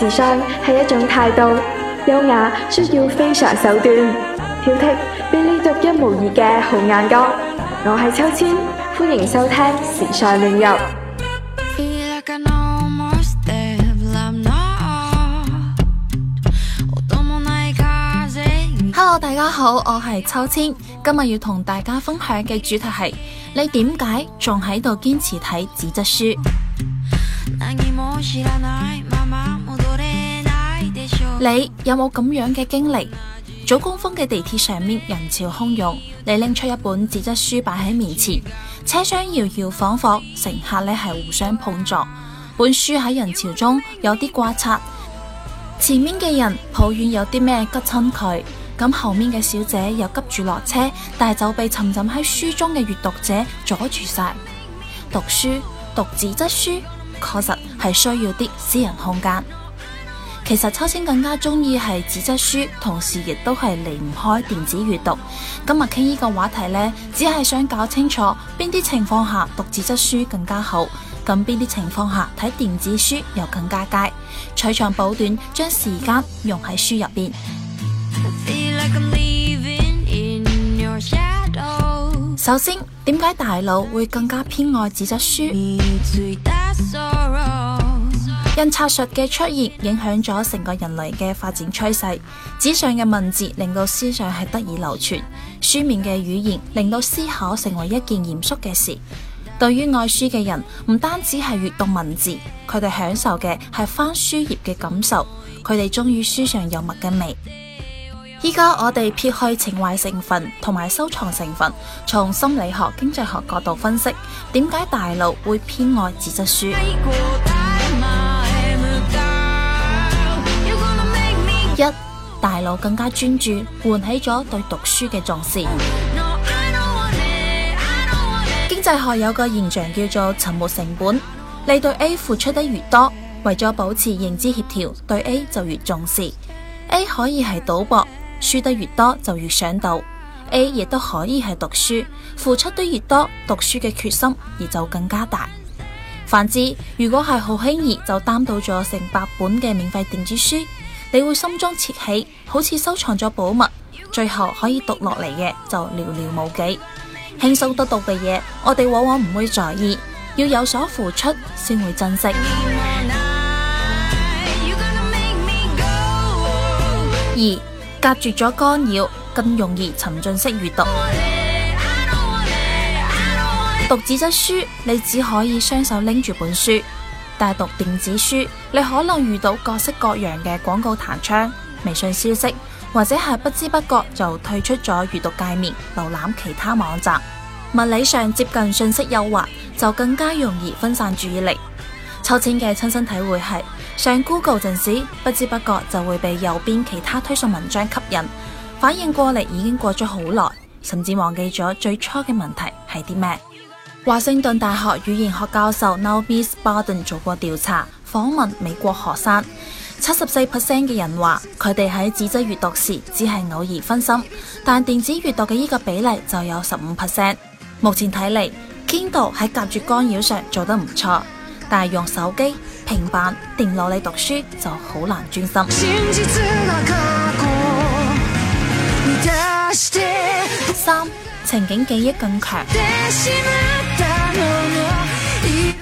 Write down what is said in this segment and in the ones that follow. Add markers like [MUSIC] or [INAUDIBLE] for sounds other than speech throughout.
時尚係一種態度，優雅需要非常手段，挑剔俾你獨一無二嘅好眼光。我係秋千，歡迎收聽時尚領域。Hello，大家好，我係秋千，今日要同大家分享嘅主題係：你點解仲喺度堅持睇紙質書？嗯你有冇咁樣嘅經歷？早高峰嘅地鐵上面人潮洶湧，你拎出一本紙質書擺喺面前，車廂搖搖晃晃，乘客呢係互相碰撞，本書喺人潮中有啲刮擦。前面嘅人抱怨有啲咩拮親佢，咁後面嘅小姐又急住落車，但係就被沉浸喺書中嘅閱讀者阻住晒。讀書，讀紙質書，確實係需要啲私人空間。其實秋千更加中意係紙質書，同時亦都係離唔開電子閱讀。今日傾呢個話題呢，只係想搞清楚邊啲情況下讀紙質書更加好，咁邊啲情況下睇電子書又更加佳，取長補短，將時間用喺書入邊。Feel like、in your 首先，點解大腦會更加偏愛紙質書？印刷術嘅出現影響咗成個人類嘅發展趨勢，紙上嘅文字令到思想係得以流傳，書面嘅語言令到思考成為一件嚴肅嘅事。對於愛書嘅人，唔單止係閱讀文字，佢哋享受嘅係翻書頁嘅感受，佢哋鍾意書上油墨嘅味。依家我哋撇去情懷成分同埋收藏成分，從心理學、經濟學角度分析，點解大腦會偏愛紙質書？一，大腦更加專注，喚起咗對讀書嘅重視。No, it, 經濟學有個現象叫做沉沒成本。你對 A 付出得越多，為咗保持認知協調，對 A 就越重視。A 可以係賭博，輸得越多就越想賭。A 亦都可以係讀書，付出得越多，讀書嘅決心也就更加大。反之，如果係好輕易就擔到咗成百本嘅免費電子書。你會心中竊喜，好似收藏咗寶物，最後可以讀落嚟嘅就寥寥無幾。輕鬆得到讀嘅嘢，我哋往往唔會在意，要有所付出先會珍惜。二，隔絕咗干擾，更容易沉浸式閱讀。It, 讀紙質書，你只可以雙手拎住本書。大讀電子書，你可能遇到各式各樣嘅廣告彈窗、微信消息，或者係不知不覺就退出咗閱讀界面，瀏覽其他網站。物理上接近信息誘惑，就更加容易分散注意力。秋千嘅親身體會係上 Google 陣時，不知不覺就會被右邊其他推送文章吸引，反應過嚟已經過咗好耐，甚至忘記咗最初嘅問題係啲咩。華盛頓大學語言學教授 Nobis Barden 做過調查，訪問美國學生，七十四 percent 嘅人話佢哋喺紙質閱讀時只係偶爾分心，但電子閱讀嘅呢個比例就有十五 percent。目前睇嚟，Kindle 喺隔絕干擾上做得唔錯，但係用手機、平板、電腦嚟讀書就好難專心。三情景記憶更強。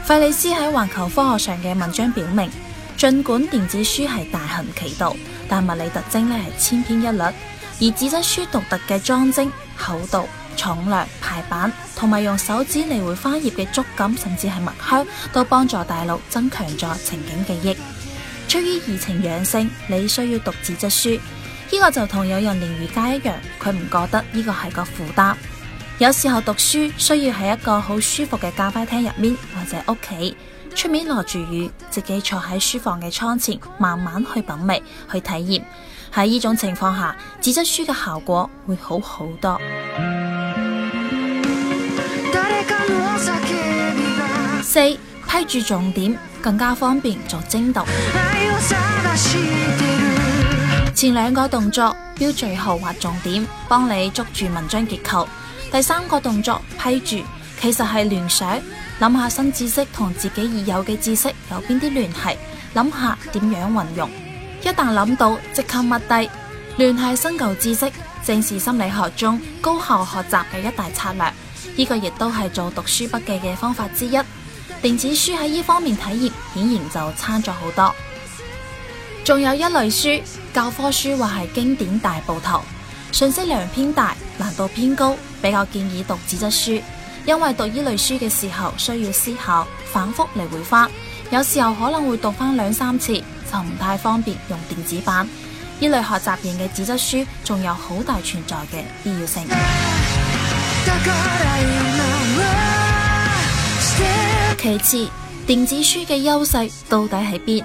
費里斯喺環球科學上嘅文章表明，儘管電子書係大行其道，但物理特徵呢係千篇一律。而紙質書獨特嘅裝幀、厚度、重量、排版同埋用手指來回翻頁嘅觸感，甚至係墨香，都幫助大腦增強咗情景記憶。出於怡情養性，你需要讀紙質書，呢、這個就同有人練瑜伽一樣，佢唔覺得呢個係個負擔。有時候讀書需要喺一個好舒服嘅咖啡廳入面，或者屋企出面落住雨，自己坐喺書房嘅窗前，慢慢去品味，去體驗。喺呢種情況下，紙質書嘅效果會好好多。四、批註重點更加方便做精讀。前兩個動作標序號劃重點，幫你捉住文章結構。第三個動作批註，其實係聯想，諗下新知識同自己已有嘅知識有邊啲聯繫，諗下點樣運用。一旦諗到，即刻抹低，聯繫新舊知識，正是心理學中高效學習嘅一大策略。呢個亦都係做讀書筆記嘅方法之一。電子書喺呢方面體驗顯然就差咗好多。仲有一類書，教科書或係經典大部頭。信息量偏大，難度偏高，比較建議讀紙質書，因為讀依類書嘅時候，需要思考、反覆嚟回翻，有時候可能會讀翻兩三次，就唔太方便用電子版。依類學習型嘅紙質書仲有好大存在嘅必要性。其次，電子書嘅優勢到底喺邊？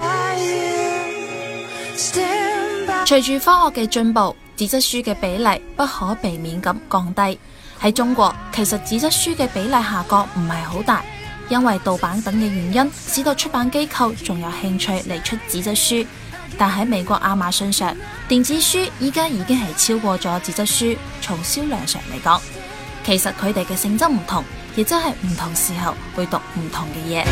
隨住科學嘅進步，紙質書嘅比例不可避免咁降低，喺中國其實紙質書嘅比例下降唔係好大，因為盜版等嘅原因，使到出版機構仲有興趣嚟出紙質書。但喺美國亞馬遜上，電子書依家已經係超過咗紙質書，從銷量上嚟講，其實佢哋嘅性質唔同，亦即係唔同時候會讀唔同嘅嘢。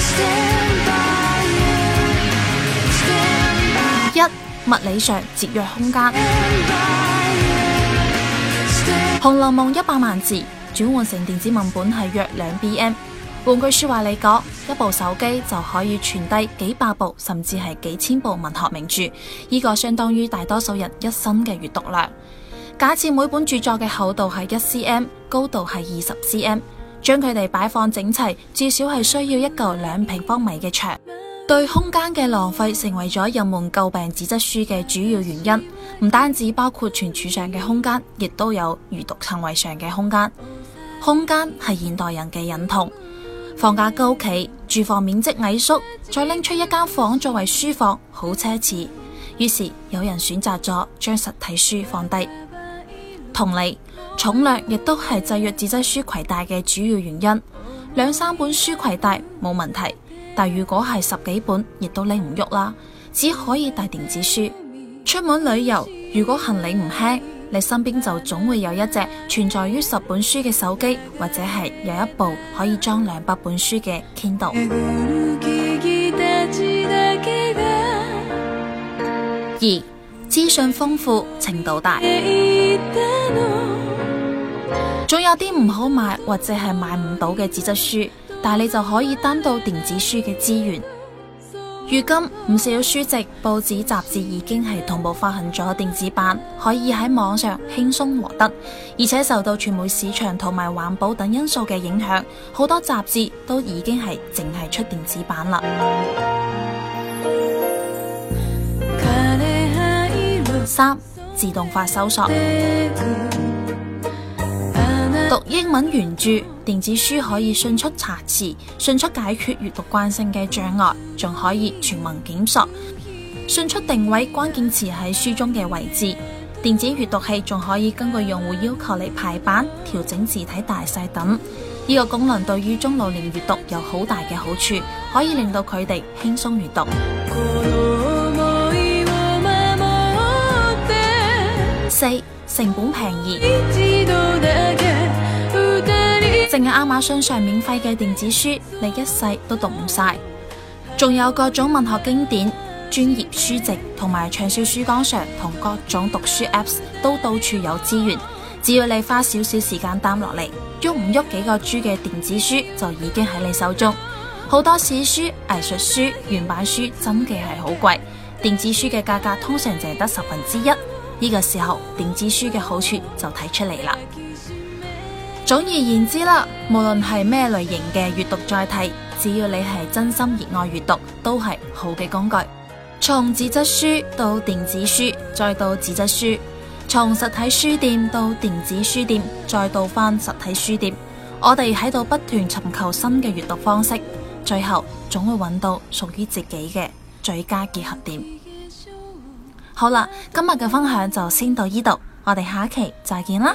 Stand by you, Stand by 物理上節約空間，《紅樓夢》一百萬字轉換成電子文本係約兩 B M。換句話說話嚟講，一部手機就可以存低幾百部甚至係幾千部文學名著，呢、呢個相當於大多數人一生嘅閱讀量。假設每本著作嘅厚度係一 C M，高度係二十 C M，將佢哋擺放整齊，至少係需要一嚿兩平方米嘅牆。對空間嘅浪費成為咗人們詬病紙質書嘅主要原因，唔單止包括存儲上嘅空間，亦都有閱讀行為上嘅空間。空間係現代人嘅隱痛，房價高企，住房面積矮縮，再拎出一間房作為書房好奢侈，於是有人選擇咗將實體書放低。同理，重量亦都係制約紙質書攜帶嘅主要原因，兩三本書攜帶冇問題。但如果係十幾本，亦都拎唔喐啦，只可以帶電子書。出門旅遊，如果行李唔輕，你身邊就總會有一隻存在於十本書嘅手機，或者係有一部可以裝兩百本書嘅 Kindle。二，資訊豐富程度大，仲有啲唔好買或者係買唔到嘅紙質書。但你就可以擔到電子書嘅資源。如今唔少書籍、報紙、雜誌已經係同步發行咗電子版，可以喺網上輕鬆獲得。而且受到傳媒市場同埋環保等因素嘅影響，好多雜誌都已經係淨係出電子版啦。三，自動化搜索，讀英文原著。電子書可以迅速查詞、迅速解決閱讀慣性嘅障礙，仲可以全文檢索、迅速定位關鍵詞喺書中嘅位置。電子閱讀器仲可以根據用戶要求嚟排版、調整字體大細等。呢個功能對於中老年閱讀有好大嘅好處，可以令到佢哋輕鬆閱讀。四 [MUSIC] 成本便宜。淨係亞馬遜上免費嘅電子書，你一世都讀唔晒，仲有各種文學經典、專業書籍同埋暢銷書架上，同各種讀書 apps 都到處有資源。只要你花少少時間 down 落嚟，喐唔喐幾個 G 嘅電子書就已經喺你手中。好多史書、藝術書、原版書真嘅係好貴，電子書嘅價格通常淨係得十分之一。呢個時候，電子書嘅好處就睇出嚟啦。總而言之啦，無論係咩類型嘅閱讀載體，只要你係真心熱愛閱讀，都係好嘅工具。從紙質書到電子書，再到紙質書；從實體書店到電子書店，再到返實體書店，我哋喺度不斷尋求新嘅閱讀方式，最後總會揾到屬於自己嘅最佳結合點。好啦，今日嘅分享就先到呢度，我哋下期再見啦。